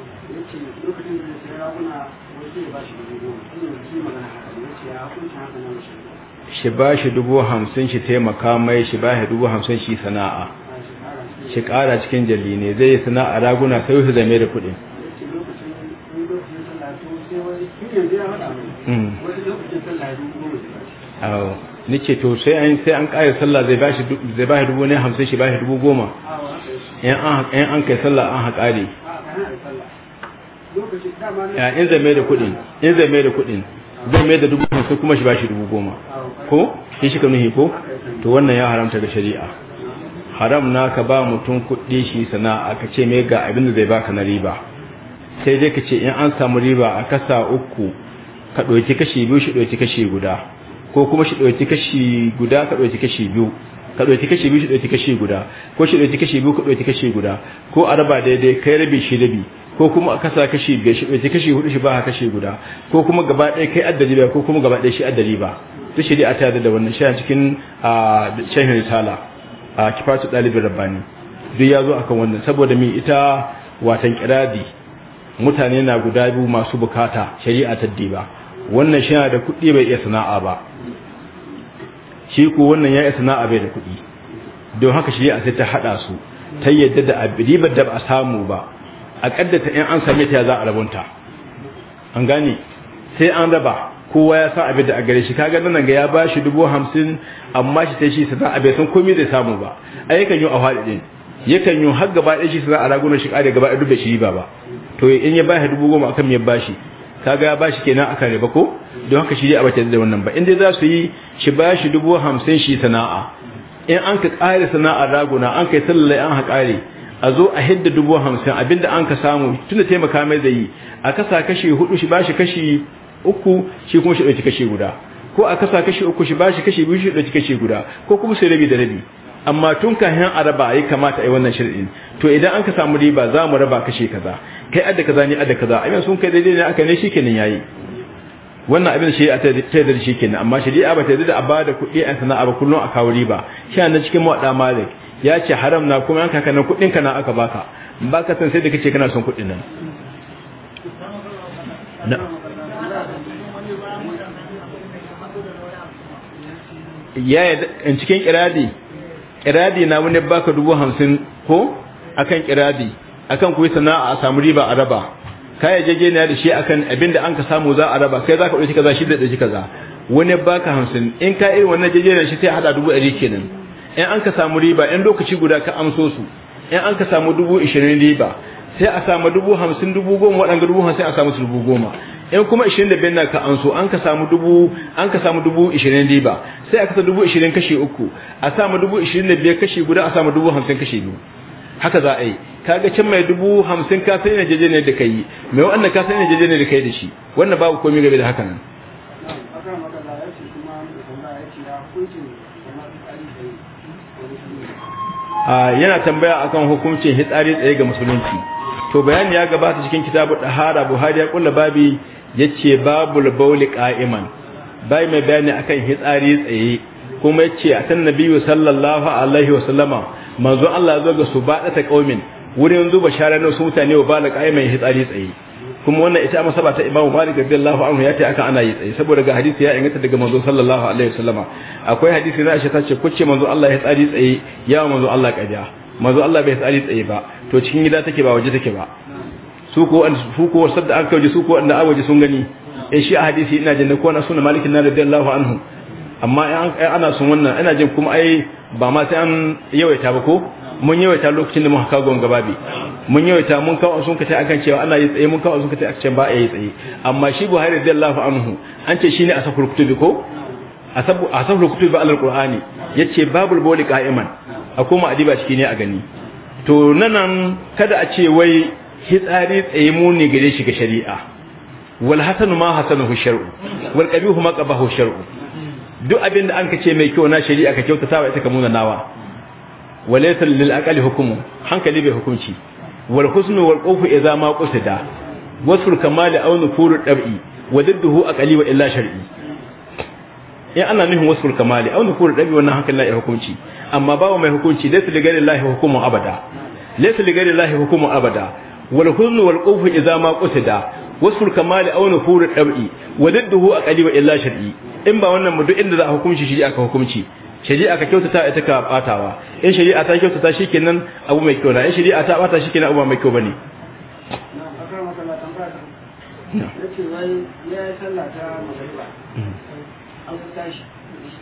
ce shi ba shi dubu hamsin shi taimaka mai shi ba shi dubu hamsin shi sana'a shi kara cikin jalli ne zai yi sana'a raguna sai wasu zame da kuɗi mm. ni ce to sai an sai an ƙayar sallah zai bashi zai bashi dubu ne hamsin shi bashi dubu goma in an kai sallah an haƙari in zai mai da kuɗin in zai mai da kuɗin zai mai da dubu hamsin kuma shi ba shi dubu goma ko shi shi ka nuhi ko to wannan ya haramta da shari'a haram na ka ba mutum kuɗi shi sana'a ka ce mai ga abin da zai baka na riba sai dai ka ce in an samu riba a kasa uku ka ɗauki kashi biyu shi ɗauki kashi guda ko kuma shi ɗauki kashi guda ka ɗauki kashi biyu ka ɗauki kashi biyu shi ɗauki kashi guda ko shi ɗauki kashi biyu ka ɗauki kashi guda ko a raba daidai kai rabi shi rabi ko kuma a kasa kashi biyar shi ɗauki kashi hudu shi ba kashi guda ko kuma gaba ɗaya kai addari ba ko kuma gaba ɗaya shi addari ba duk shi dai a tare da wannan shi cikin shahin risala a kifatu ɗalibin rabbani duk ya zo akan wannan saboda mi ita watan kiradi mutane na guda biyu masu bukata shari'a ta ba wannan shi da kuɗi bai iya sana'a ba shi ko wannan ya isa na abai da kuɗi don haka shi ya sai ta haɗa su ta yadda da ribar da ba samu ba a ƙaddata in an same ta ya za a rabunta an gane sai an raba kowa ya san abin da a gare shi kaga nan ga ya ba shi dubu hamsin amma shi sai shi a bai san komai zai samu ba a yakan yi a faɗi yakan yi har gaba ɗaya shi sana a ragunan shi ƙare gaba ɗaya dubbe shi ba ba to in ya ba shi dubu goma akan ya ba shi kaga ya bashi kenan aka riba ko don haka shi a bace da wannan ba inda za su yi shi bashi dubu hamsin shi sana'a in an ka kare sana'ar raguna an kai sallalai an ha kare a zo a hidda dubu hamsin abinda an ka samu tunda taimaka mai da yi a kasa kashi hudu shi bashi kashi uku shi kuma shi ɗauki kashi guda ko a kasa kashi uku shi bashi kashi biyu shi ɗauki kashi guda ko kuma sai rabi da rabi amma tun kafin a raba ya kamata a yi wannan shirin to idan an ka samu riba za mu raba kashe kaza kai adda kaza ne adda kaza ai sun kai daidai ne aka ne shikenan yayi wannan abin shi a taidar shi kenan amma shari'a ba ta yarda da a bada kuɗi a sana'a ba kullum a kawo riba shi nan cikin muwaɗa malik ya ce haram na kuma yanka kana kuɗin ka na aka baka baka san sai da kace kana son kuɗin nan ya cikin kiradi kiradi na wani baka dubu hamsin ko akan kiradi akan kuwa sana'a a samu riba a raba kaya jage ne da shi akan abinda an ka samu za a raba kai zaka ka ɗauki kaza shi da ɗauki kaza wani baka hamsin in ka irin wannan jage na shi sai haɗa dubu ɗari kenan in an ka samu riba in lokaci guda ka amso su in an ka samu dubu ishirin riba sai a samu dubu hamsin dubu goma waɗanga dubu hamsin a samu su dubu goma in kuma 25 na ka anso an ka samu dubu an ka samu dubu 20 diba sai aka sa dubu 20 kashi uku a samu dubu 25 kashi guda a samu dubu 50 kashi biyu haka za a yi kaga can mai dubu 50 ka sai ne jeje ne da kai mai wanda ka sai ne jeje ne da kai da shi wannan babu komai game da haka nan a yana tambaya akan hukuncin hitsari tsaye ga musulunci to bayani ya gabata cikin kitabu dahara buhari ya kulla babi yace babul labauli qa'iman bai mai bayani akan hitsari tsaye kuma yace atan nabiyyu sallallahu alaihi wasallama manzo Allah zo ga ta qaumin wurin zuba na su mutane wa bala qa'iman hitsari tsaye kuma wannan ita amma ta imamu Malik radiyallahu anhu yace aka ana yi tsaye saboda ga hadisi ya inganta daga manzo sallallahu alaihi wasallama akwai hadisi na Aisha tace kuce manzo Allah ya tsari tsaye ya manzo Allah kadiya manzo Allah bai tsari tsaye ba to cikin gida take ba waje take ba su ko su ko sadda an kauje su ko wanda awaje sun gani eh shi a hadisi ina jin ko ana suna malikin na Allahu anhu amma eh, ana sun wannan ina jin kuma ai ba ma sai an yawaita ba ko mun yawaita lokacin da muka kago gaba bi mun yawaita mun kawo sun kace akan cewa ana yi tsaye mun kawo sun kace akan ba a yi tsaye amma shi Buhari Allahu anhu an ce shine asafur kutubi ko asabu asafur kutubi alal qur'ani yace babul bawli qa'iman a adiba ciki ne a gani to nanan kada a ce wai hitsari tsaye muni gare shi ga shari'a wal hasanu ma hasanu shar'u wal qabihu ma qabahu shar'u duk abin da an kace mai kyau na shari'a ka kyautata wa ita ka muna nawa walaysa lil aqali hukumu hankali bai hukunci wal husnu wal qufu idza ma qusida wasul kamali aw nufuru dab'i wa didduhu aqali wa illa shar'i in ana nufin wasful kamali aw nufuru dab'i wannan hankali na hukunci amma bawa mai hukunci laysa li ghairi lahi hukumu abada laysa li ghairi lahi hukumu abada wal huznu wal qufu idza ma qusida wasful kamal aw nufur dab'i wadduhu aqali wa illa shar'i in ba wannan mu duk inda za a hukunci shi aka hukunci shari'a aka kyautata ita ka batawa in shari'a ta kyautata shi shikenan abu mai kyau na in shari'a ta bata shikenan abu mai kyau bane na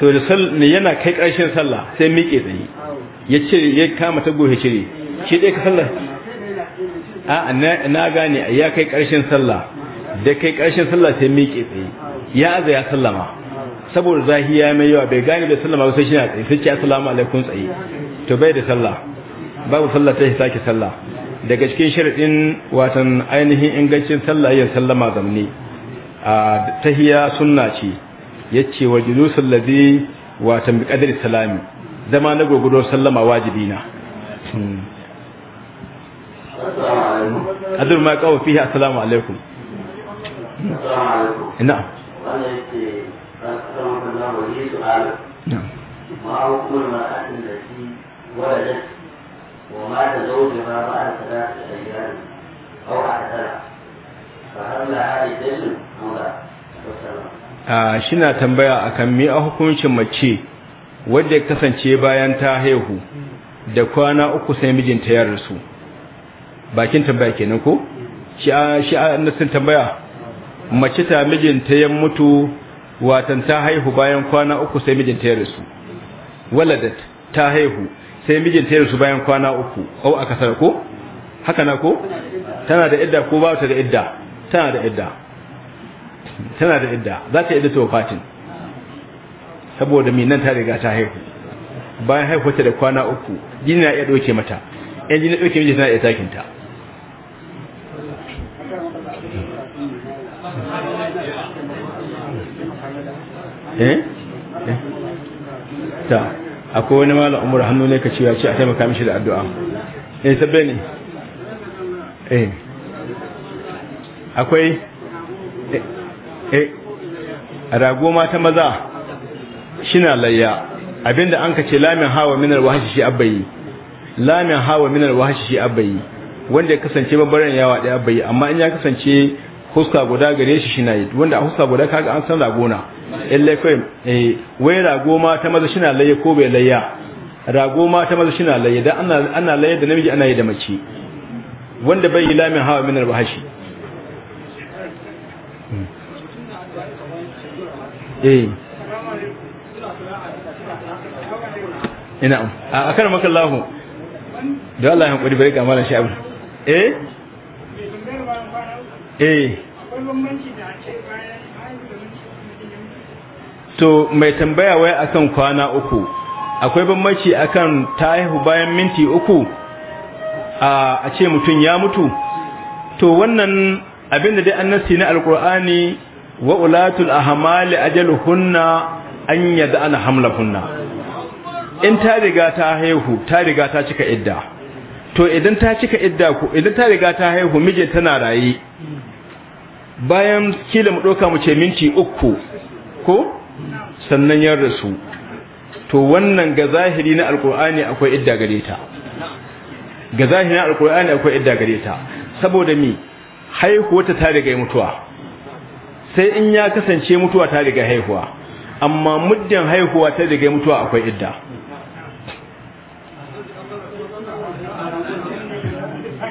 to da yana kai ƙarshen sallah sai miƙe tsaye ya ce ya kama ta gohe cire shi dai ka sallah a na gane ya kai ƙarshen sallah da kai ƙarshen sallah sai miƙe tsaye ya aza ya sallama saboda zahi ya mai yawa bai gane bai sallama ba sai shi na tsaye sai ce assalamu alaikum tsaye to bai da sallah babu sallah sai sake sallah daga cikin sharadin watan ainihin ingancin sallah ya sallama zamani a tahiya sunna ce yace wa julusul ladhi wa tambi qadri salami zama na gogudo sallama wajibina adur ma kawo fihi assalamu alaikum na'am ما هو بعد ثلاثة أيام أو أكثر فهل لها دليل أم لا؟ shina tambaya kan me a hukuncin mace wadda ya kasance bayan ta haihu da kwana uku sai mijinta ya rasu bakin tambaya kenan ko shi an sun tambaya mace ta mijinta ya mutu watan ta haihu bayan kwana uku sai mijinta ya rasu waladat ta haihu sai mijinta ya rasu bayan kwana uku au kasar ko haka na ko tana da idda ko ba ta da idda tana da idda ciki tana da idda za ta idda wafatin saboda mai nan ta riga ta haihu bayan ta da kwana uku jini na iya ɗauke mata yan jini ɗauke miji tana iya takinta eh? eh ta akwai wani malam umar hannu ne ka ya ce a taimaka mishi da addu'a eh sabbe ne eh akwai eh, eh rago ma ta maza shina layya abinda an ka ce lamin hawa minar hashe shi abbayi lamin hawa minar hashe shi abbayi wanda ya kasance babbaran yawa da abbayi amma in ya kasance huska guda gare shi shina yi wanda a huska guda kaga an san rago na illai kai eh wai rago ma ta maza shina layya ko bai layya rago ma ta maza shina layya dan ana ana layya da namiji ana yi da mace wanda bai yi lamin hawa minar hashe. Eh. ina a maka da Allah ya bari eh? eh to mai tambaya wai akan kwana uku akwai bambanci akan haihu bayan minti uku a ce mutum ya mutu to wannan abin da dai annasi na alkur'ani wa ulatul ahmal ajaluhunna an yada ana hamlahunna in ta riga ta haihu ta riga ta cika idda to idan ta cika idda ku idan ta riga ta haihu miji tana raye bayan kila mu doka mu ce minti uku ko sannan ya rasu to wannan ga zahiri na alqur'ani akwai idda gare ta ga zahiri na alqur'ani akwai idda gare ta saboda mi haihuwa wata ta riga mutuwa sai in ya kasance mutuwa ta riga haihuwa amma muddin haihuwa ta riga mutuwa akwai idda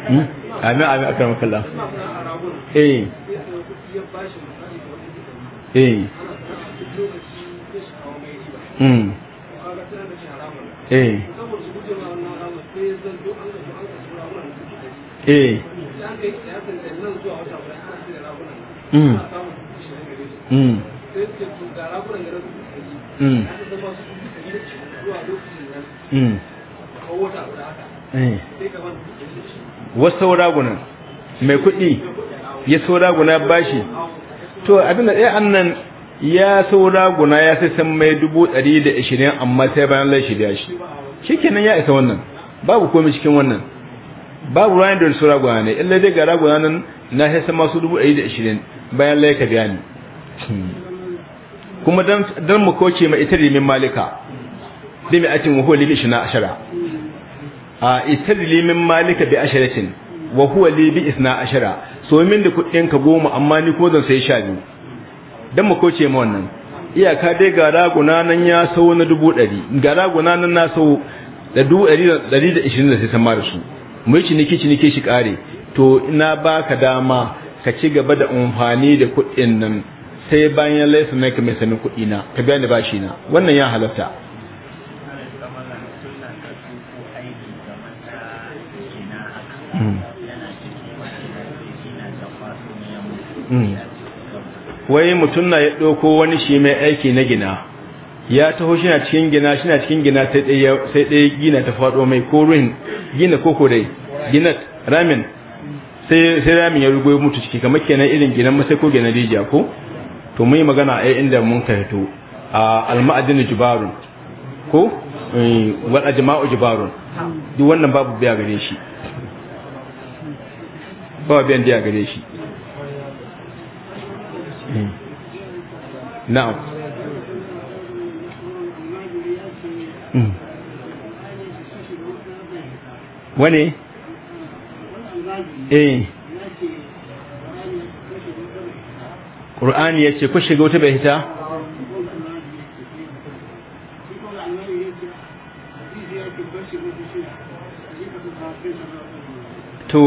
hmm? amin amin eh eh hmm eh eh hmm. Mm. Mm. Mm. Eh. wasu sauragunan mai kuɗi ya sauraguna bashi to abinda ɗaya annan ya sauraguna ya sai san mai dubu ɗari da ashirin amma sai bayan lai da shi shi kenan ya isa wannan babu komai cikin wannan babu ranar da sauraguna ne illai dai ga raguna nan na sai san masu dubu ɗari da ashirin bayan lai ka biya ni kuma dan mu koke ma ita limin malika bi mi'atin wa huwa li ishna ashara a ita limin malika bi asharatin wa huwa li bi isna ashara so min da kudin ka goma amma ni ko zan sai sha biyu dan mu koke ma wannan iyaka dai ga raguna nan ya sau na dubu ɗari ga raguna nan na sau da dubu ɗari da ishirin da sai ta mara su mu yi ciniki ciniki shi kare to ina ba ka dama ka ci gaba da amfani da kudin nan sai bayan ya laisa mai ka mai sanin kuɗi na ka biya ni bashi na wannan ya halatta hmm. wai mutum na ya ɗauko wani shi mai aiki na gina ya taho shi na cikin gina shi na cikin gina sai ɗaya gina ta faɗo mai ko ruhin gina koko dai gina ramin sai ramin ya rugo mutu ciki kamar kenan irin gina masai ko gina rijiya ko to mai magana a inda mun ka hito a alma'adini jibarun ko eh, wal ajma'u jibarun duk wannan babu biya gare shi babu biyan biya gare shi hmm. na'am hmm. wane eh ƙur'ani ya ce ku shiga wata bai hita to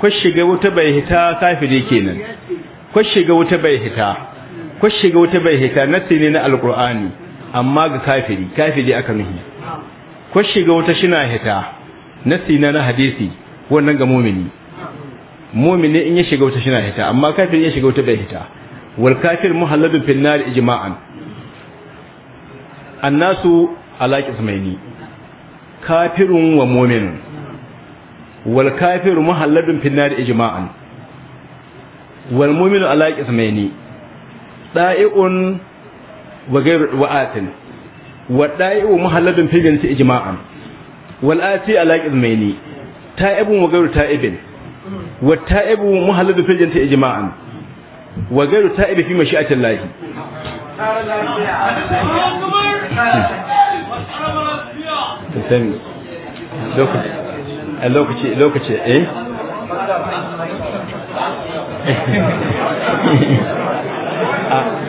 ku shiga wata bai hita kafiri kenan ku shiga wata bai hita ku shiga wata bai hita nasi ne na alƙur'ani amma ga kafiri kafiri aka nuhi ku shiga wata shina hita nasi na na hadisi wannan ga mumini mu'mini in ya shiga wuta shi na hita amma kafir ya shiga wuta bai hita wal kafir muhalladun fil nar ijma'an annasu ala qismaini kafirun wa mu'minun wal kafiru muhallabin fil nar ijma'an wal mu'minu ala qismaini da'i'un wa ghayru wa'atin wa da'i'u muhalladun fil jannati ijma'an wal ati ala qismaini ta'ibun wa ghayru ta'ibin والتائب مهلد في الجنة إجماعا وغير التائب في مشيئة الله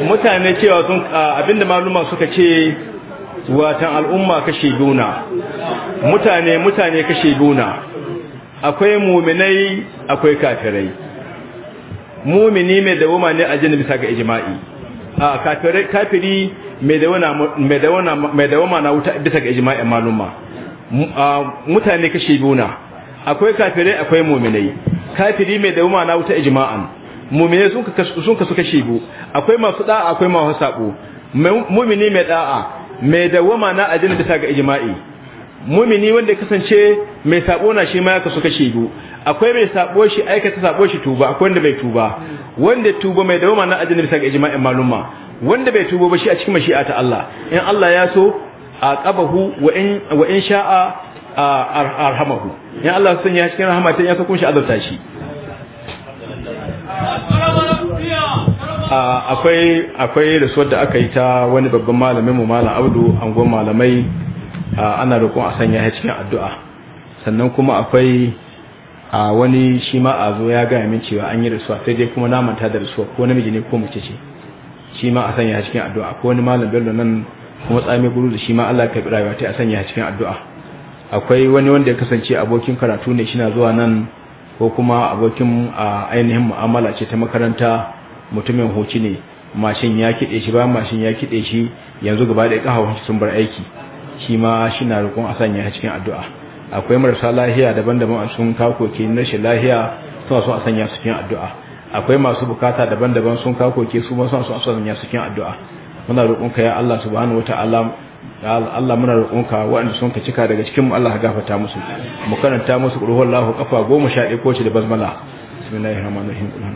mutane cewa sun abinda maluma suka ce watan al'umma kashe duna mutane mutane kashe duna akwai muminai akwai kafirai mumini mai dawoma ne a jini bisa ga ijma'i a kafirai kafiri mai dawoma na wuta bisa ga ijma'in maluma mutane kashe biyu na akwai kafirai akwai muminai kafiri mai dawoma na wuta ijma'an mumini sun kasu kashe biyu akwai masu da'a akwai masu sabo mumini mai da'a mai dawoma na ajini bisa ga ijma'i mumini wanda kasance mai sabo na shi ma ya kasu kashe biyu akwai mai sabo shi aikata sabo shi tuba akwai wanda bai tuba wanda tuba mai dawoma na ajin bisa ga ijma'in maluma wanda bai tuba ba shi a cikin mashi'a ta Allah in Allah ya so a qabahu wa in wa in sha'a arhamahu in Allah sun sanya cikin rahama ta ya so kun shi azabta shi akwai akwai rasuwar da aka yi ta wani babban malamin mu malam Abdu angon malamai ana roƙon a sanya ya cikin addu'a sannan kuma akwai a wani shi ma a zo ya gaya min cewa an yi rasuwa sai dai kuma na manta da rasuwa ko namiji ne ko mace ce shi ma a sanya ya cikin addu'a ko wani malam bello nan kuma tsami guru da shi ma Allah ka birawa ta a sanya ya cikin addu'a akwai wani wanda ya kasance abokin karatu ne shina zuwa nan ko kuma abokin a ainihin mu'amala ce ta makaranta mutumin hoci ne mashin ya kiɗe shi ba mashin ya kiɗe shi yanzu gaba da ƙahawar sun bar aiki shi ma shi na roƙon a sanya a cikin addu'a akwai marasa lahiya daban-daban a sun kakoki na shi lahiya suna so a sanya su cikin addu'a akwai masu bukata daban-daban sun kakoki su ma suna so a sanya su cikin addu'a muna roƙon ka ya Allah subhanahu wataala Allah muna roƙonka waɗanda sun ka cika daga cikin Allah Allah gafarta musu mu karanta musu kafa goma sha ɗaya ko ce da basmala bismillahir rahmanir rahim